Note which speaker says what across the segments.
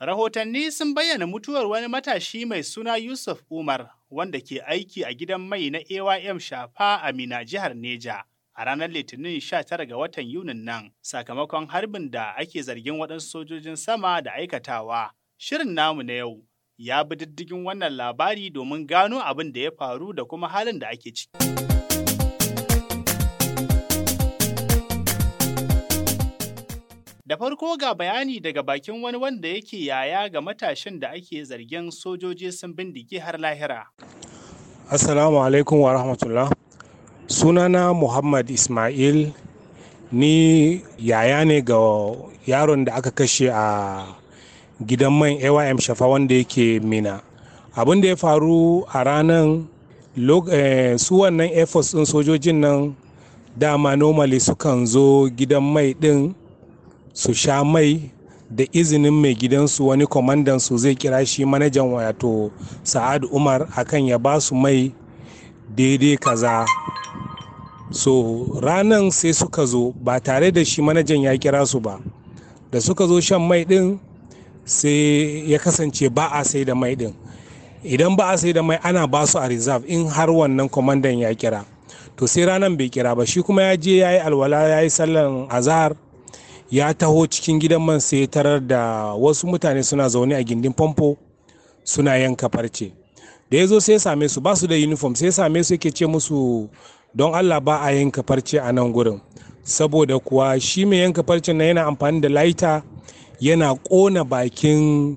Speaker 1: Rahotanni sun bayyana mutuwar wani matashi mai suna Yusuf Umar wanda ke aiki a gidan mai na AYM Shafa a Mina jihar Neja. a ranar Litinin 19 ga watan Yunin nan sakamakon harbin da ake zargin waɗansu sojojin sama da aikatawa. Shirin namu na yau ya bi diddigin wannan labari domin gano abin da ya faru da kuma halin da ake ciki. Da farko ga bayani daga bakin wani wanda yake yaya ga matashin da ake zargin sojoji sun bindige har lahira.
Speaker 2: Assalamu alaikum wa rahmatullah. Sunana Muhammad Ismail ni yaya ne ga yaron da aka kashe a gidan man AYM Shafa wanda yake Mina. Abin da ya faru a ranar eh, su wannan efforts ɗin sojojin nan dama normally sukan zo gidan mai ɗin su sha mai da izinin mai gidansu wani su zai kira shi manajan wato sa'ad umar akan ya ba su mai daidai kaza so ranan sai suka zo ba tare da shi manajan ya kira su ba da suka zo shan mai din sai ya kasance ba a sai da mai din idan ba a sai da mai ana ba su a reserve in har wannan kwamandan ya kira to sai ranan bai kira ba shi kuma ya je ya yi alwala ya yi sallan azahar ya taho cikin gidan man sai tarar da wasu mutane suna zaune a gindin famfo suna yanka farce da ya zo sai same su ba su da uniform sai same su yake ce musu don allah ba a yanka farce a nan gurin saboda kuwa shi mai yanka farcen na yana amfani da laita yana kona bakin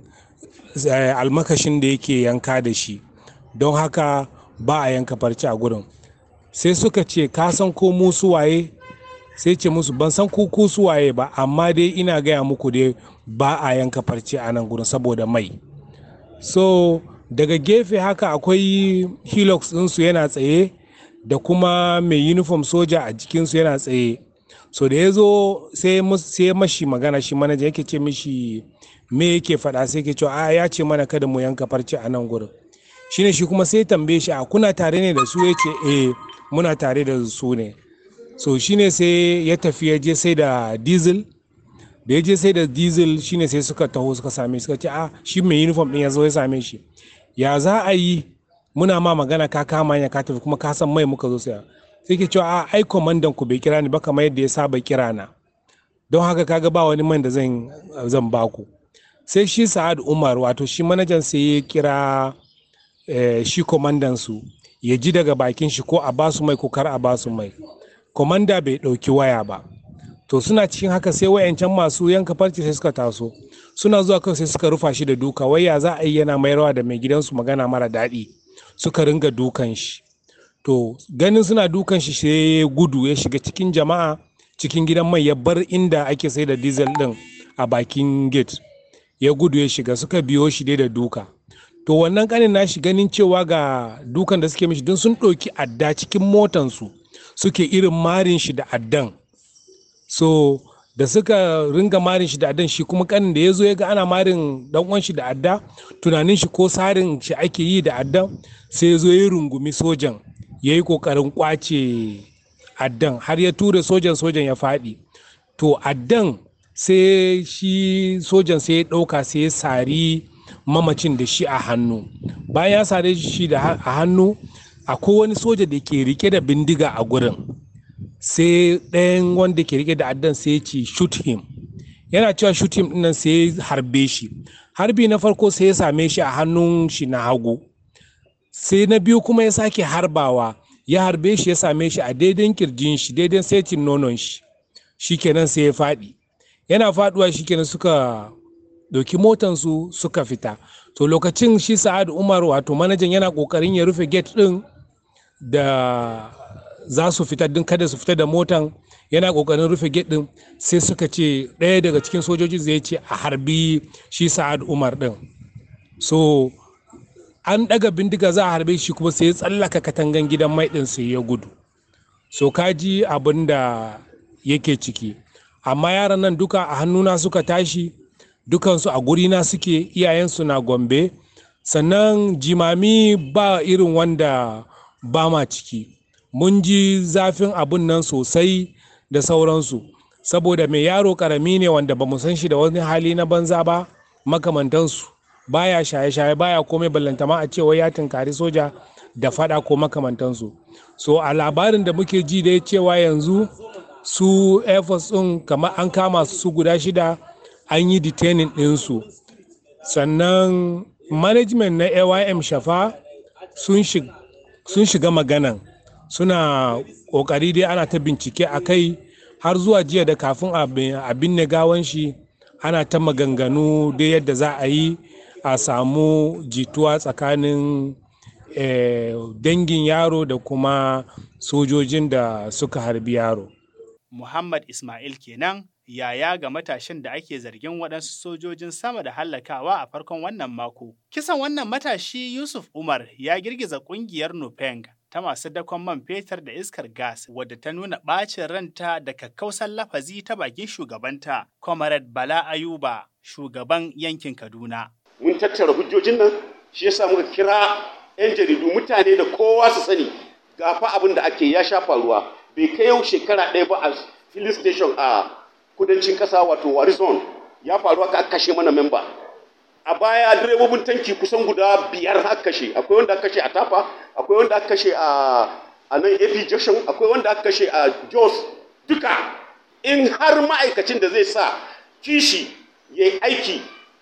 Speaker 2: eh, almakashin da yake yanka da shi don haka ba a yanka farce a gurin sai suka ce ka san ko musu waye sai ce musu ban san kuku su suwaye ba amma dai ina gaya muku dai ba a yanka farce a nan gurin saboda mai so daga gefe haka akwai hilux ɗinsu yana tsaye da kuma mai uniform soja a jikinsu yana tsaye so da ya zo sai mashi magana shi manaja yake ce mishi me yake faɗa sai ke cewa ya ce mana kada mu yanka farce a nan gurin shine shi kuma sai tambaye shi a kuna tare ne da su ya ce eh muna tare da su ne so shine sai ya tafi ya je sai da diesel da ya je sai da diesel shine sai suka taho suka same suka ce a ah, shi mai uniform din ya zo ya same shi ya za a yi muna ma magana ka kama ya ka tafi kuma ka san mai muka zo sai sai ke cewa ah, ai komandan ku bai kira ni ba kamar yadda ya saba kira na don haka kaga ba wani man da zan zan baku sai shi sa'ad umar wato shi manajan sai ya kira eh, shi komandan su ya ji daga bakin shi ko a basu mai ko kar a basu mai komanda bai ɗauki waya ba to suna cikin haka sai wayancan masu yanka farce sai suka taso suna zuwa kawai sai suka rufa shi da duka waya za a yi yana mayarwa da mai gidansu magana mara daɗi suka ringa dukan shi to ganin suna dukan shi sai gudu ya shiga cikin jama'a cikin gidan mai ya bar inda ake sai da diesel ɗin a bakin gate ya gudu ya shiga suka biyo shi dai da duka to wannan kanin nashi ganin cewa ga dukan da suke mishi don sun ɗauki adda cikin motansu suke irin marin shi da addan so da suka ringa marin shi da addan shi kuma kanin da ya zo ya ga ana marin dan uwan shi da adda tunanin shi ko sarin shi ake yi da addan sai ya zo ya rungumi sojan ya yi kokarin kwace addan har ya tura sojan sojan ya faɗi to addan sai shi sojan sai ya ɗauka sai ya sari mamacin da shi a hannu bayan ya sare shi a hannu akwai wani soja da ke rike da bindiga a gurin sai ɗayan wanda ke rike da addan sai ya ce shoot him yana cewa shoot him dinnan sai ya harbe shi harbi na farko sai ya same shi a hannun shi na hagu sai na biyu kuma ya sake harbawa ya harbe shi ya same shi a daidai kirjin shi daidai setin nonon shi shikenan sai ya faɗi yana faɗuwa shikenan suka ɗauki motansu suka fita to lokacin shi sa'ad umar wato manajan yana kokarin ya rufe gate din da za su fita din kada su fita da motan yana kokarin rufe gate din sai suka ce ɗaya daga cikin sojoji zai ce a harbi shi sa'ad umar din so an ɗaga bindiga za a harbe shi kuma sai ya tsallaka katangan gidan mai din sai ya gudu so kaji abin da yake ciki amma yaran nan duka a hannuna suka tashi dukansu a gurina suke iyayensu na gombe sannan jimami ba irin wanda ba ma ciki mun ji zafin abun nan sosai da sauransu saboda mai yaro karami ne wanda ba san shi da wani hali na banza ba makamantansu baya shaye-shaye baya komai ballantama a cewa ya tunkari soja da fada ko makamantansu so a labarin da muke ji da cewa yanzu su air force kamar an kama su guda shida an yi detainin ɗinsu sannan management na aym shafa sun shiga maganan suna ƙoƙari dai ana ta bincike a kai har zuwa jiya da kafin abin ne gawan shi ana ta maganganu dai yadda za a yi a samu jituwa tsakanin eh, dangin yaro da kuma sojojin da suka harbi yaro.
Speaker 1: Muhammad Ismail kenan yaya ga matashin da ake zargin waɗansu sojojin sama da hallakawa a farkon wannan mako. Kisan wannan matashi Yusuf Umar ya girgiza ƙungiyar Nupeng ta masu dakon man fetur da iskar gas wadda ta nuna ɓacin ranta da kakkausan lafazi ta bakin shugabanta, Comrade Bala Ayuba, shugaban yankin Kaduna.
Speaker 3: Mun tattara hujjojin nan, shi yasa muka kira 'yan jaridu mutane da kowa su sani gafa abin da ake ya sha faruwa bai kai yau shekara ɗaya ba a filin station a kudancin ƙasa wato warizon ya faru aka kashe mana memba a baya direbobin tanki kusan guda biyar aka kashe akwai wanda aka kashe a tafa akwai wanda aka kashe a a nan AP Junction akwai wanda aka kashe a Jos duka in har ma'aikacin da zai sa kishi ya yi aiki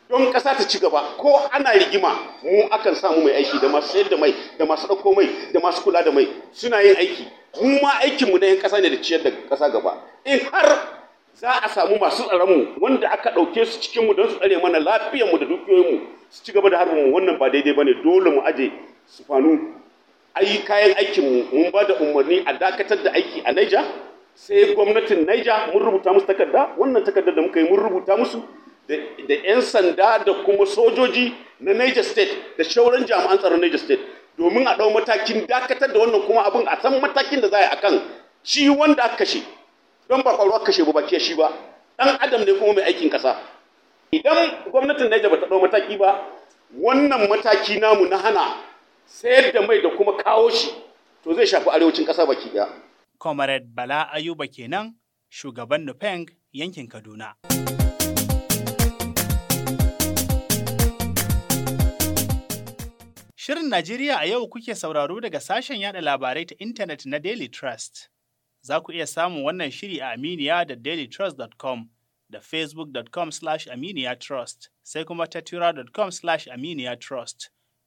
Speaker 3: don ƙasa ta ci gaba ko ana rigima mu akan samu mai aiki da masu sayar da mai da masu ɗauko mai da masu kula da mai suna yin aiki mu ma aikinmu na 'yan kasa ne da ciyar da ƙasa gaba in har za a samu masu tsaronmu wanda aka ɗauke su cikin mu don su tsare mana lafiyarmu da dukiyoyinmu su ci gaba da harbinmu wannan ba daidai ba ne dole mu aje su fanu ai kayan aikinmu mun ba da umarni a dakatar da aiki a Niger sai gwamnatin Niger mun rubuta musu takarda wannan takarda da muka yi mun rubuta musu da 'yan sanda da kuma sojoji na Niger State da shauran jami'an tsaron Niger State domin a ɗau matakin dakatar da wannan kuma abin a san matakin da za a yi akan shi wanda aka kashe don ba kwaruwar kashe ba ke shi ba dan adam ne kuma mai aikin ƙasa. idan gwamnatin ba ta ɗau mataki ba wannan mataki namu na hana sayar da mai da kuma kawo shi to zai shafi arewacin ƙasa baki ɗaya.
Speaker 1: Comrade Bala Ayuba kenan shugaban Nupeng yankin Kaduna. Shirin Najeriya a yau kuke sauraro daga sashen yada labarai ta intanet na Daily Trust. Za ku iya samun wannan shiri a Aminiya da dailytrust.com da facebook.com slash aminiya sai kuma tatura.com slash aminiya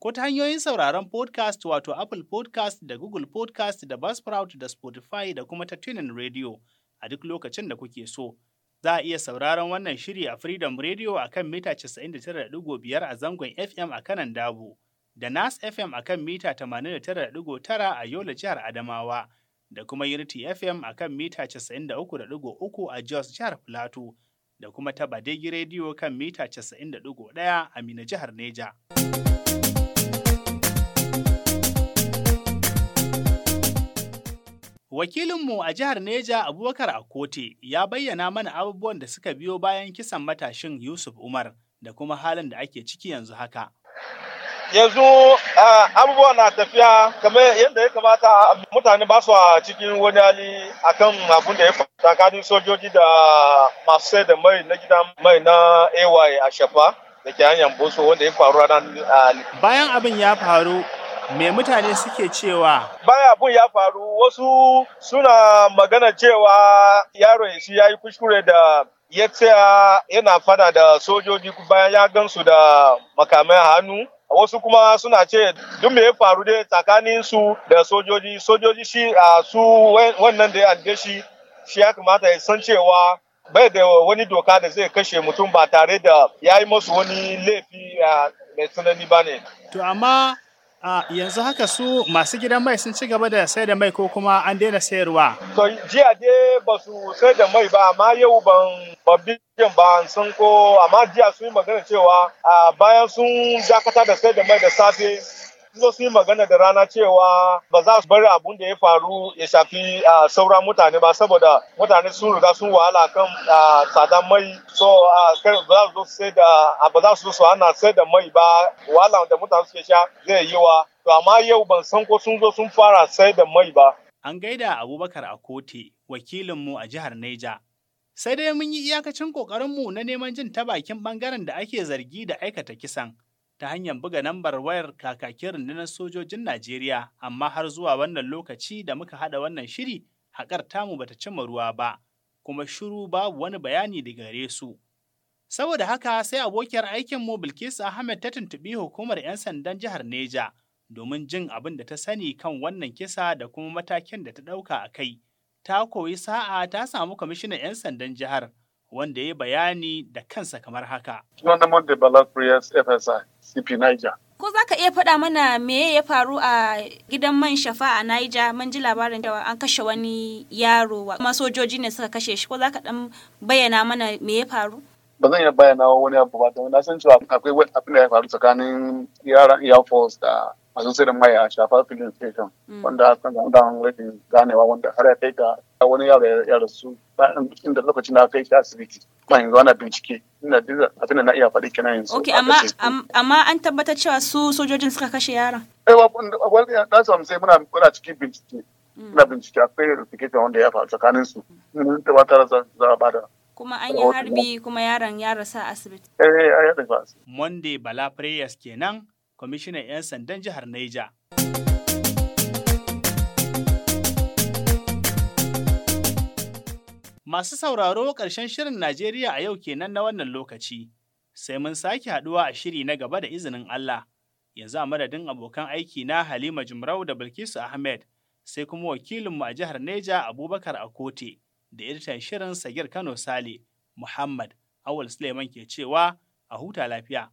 Speaker 1: Ko ta hanyoyin sauraron podcast wato Apple podcast da Google podcast da Buzzsprout da Spotify da kuma ta tunin radio a duk lokacin da kuke so. Za a iya sauraron wannan shiri a Freedom Radio a kan mita 99.5 a zangon FM a kanan Dabu da Nas FM a kan mita 89.9 a Yola jihar Adamawa. da kuma Unity FM a kan mita 93.3 a Jos jihar Filato da kuma ta Badegi Radio kan mita 90.1 a Mina jihar Neja. Wakilinmu a jihar Neja Abubakar Akote ya bayyana mana abubuwan da suka biyo bayan kisan matashin Yusuf Umar da kuma halin da ake ciki yanzu haka.
Speaker 4: yanzu abubuwa na tafiya kamar yadda ya kamata mutane ba su a cikin wani hali akan abun da ya faru tsakanin sojoji da masu sai da mai na gidan mai na ay a shafa da ke hanyar boso wanda ya faru ranar
Speaker 1: bayan abin ya faru me mutane suke cewa
Speaker 4: Bayan abun ya faru wasu suna magana cewa ya shi ya yi kuskure da ya tsaya yana fada da sojoji bayan ya gansu da makamai hannu wasu kuma suna ce duk me ya faru dai tsakanin su da sojoji sojoji shi a su wannan da ya alge shi shi ya kamata ya san cewa bai da wani doka da zai kashe mutum ba tare da ya yi masu wani laifi mai tsanani ba ne.
Speaker 1: To amma A yanzu haka su masu gidan mai sun ci gaba da sai da mai ko kuma an daina sayarwa. To jiya dai ba su
Speaker 4: sai da mai ba amma yau ban babbi ba sun ko amma jiya sun yi magana cewa bayan sun dakata da sai da mai da safe zo sun yi magana da rana cewa ba za su bari abun da ya faru ya shafi sauran mutane ba saboda mutane sun riga sun wahala kan tsadan mai so ba za su zo sai da ba za su su ana sai da mai ba wahala da mutane suke sha zai yi wa to amma yau ban san ko
Speaker 1: sun zo sun fara sai da mai ba. An gaida Abubakar a Akote wakilinmu a jihar Neja. Sai dai mun yi iyakacin ƙoƙarinmu na neman jin ta bakin ɓangaren da ake zargi da aikata kisan. ta hanyar buga lambar wayar kakakin rundunar sojojin Najeriya, amma har zuwa wannan lokaci da muka haɗa wannan shiri, haƙar tamu bata cimma ruwa ba, kuma shiru babu wani bayani daga gare su. Saboda haka sai abokiyar aikin aikinmu Bilkisu Ahmed ta tuntuɓi hukumar 'yan sandan jihar Neja domin jin abin da ta sani kan wannan kisa da kuma matakin da ta ɗauka a kai. Ta koyi sa'a ta samu kwamishinan 'yan sandan jihar wanda ya bayani da kansa kamar haka.
Speaker 4: Sunan Bala Prayers FSI. mississippi niger
Speaker 2: ko za ka iya faɗa mana me ya faru a gidan man shafa a Niger man ji labarin da an kashe wani yaro kuma sojoji ne suka kashe shi ko za ka ɗan bayyana mana me ya faru?
Speaker 3: Ba zan iya bayyana wani abu ba don na san cewa akwai wani abin da ya faru tsakanin yaran Air Force da masu sai da mai a shafa filin station mm. wanda a kan da an rage ganewa wanda har ya kai ga wani yaro ya rasu inda lokacin da aka kai shi asibiti ba yanzu ana bincike. abin da na iya faɗi kina yanzu. Ok, amma an tabbatar cewa su sojojin suka kashe yaron. Eh, wani na samu sai muna muna cikin bincike. Hmm. Muna bincike akwai verification wanda ya faru tsakanin su. Mun
Speaker 1: tabbatar za a bada.
Speaker 2: Kuma an yi harbi kuma yaron ya rasa asibiti.
Speaker 1: Eh, ya rasa asibiti. Monday Bala Prayers kenan, kwamishinan 'yan sandan jihar Niger. Masu sauraro ƙarshen shirin Najeriya a yau kenan na wannan lokaci, sai mun sake haɗuwa a shiri na gaba da izinin Allah. Yanzu a madadin abokan aiki na Halima Jumrau da Bilkisu Ahmed, sai kuma wakilinmu a jihar Neja Abubakar Akote da editan shirin Sagir Kano Sale, Muhammad Awul Suleiman ke cewa a huta lafiya.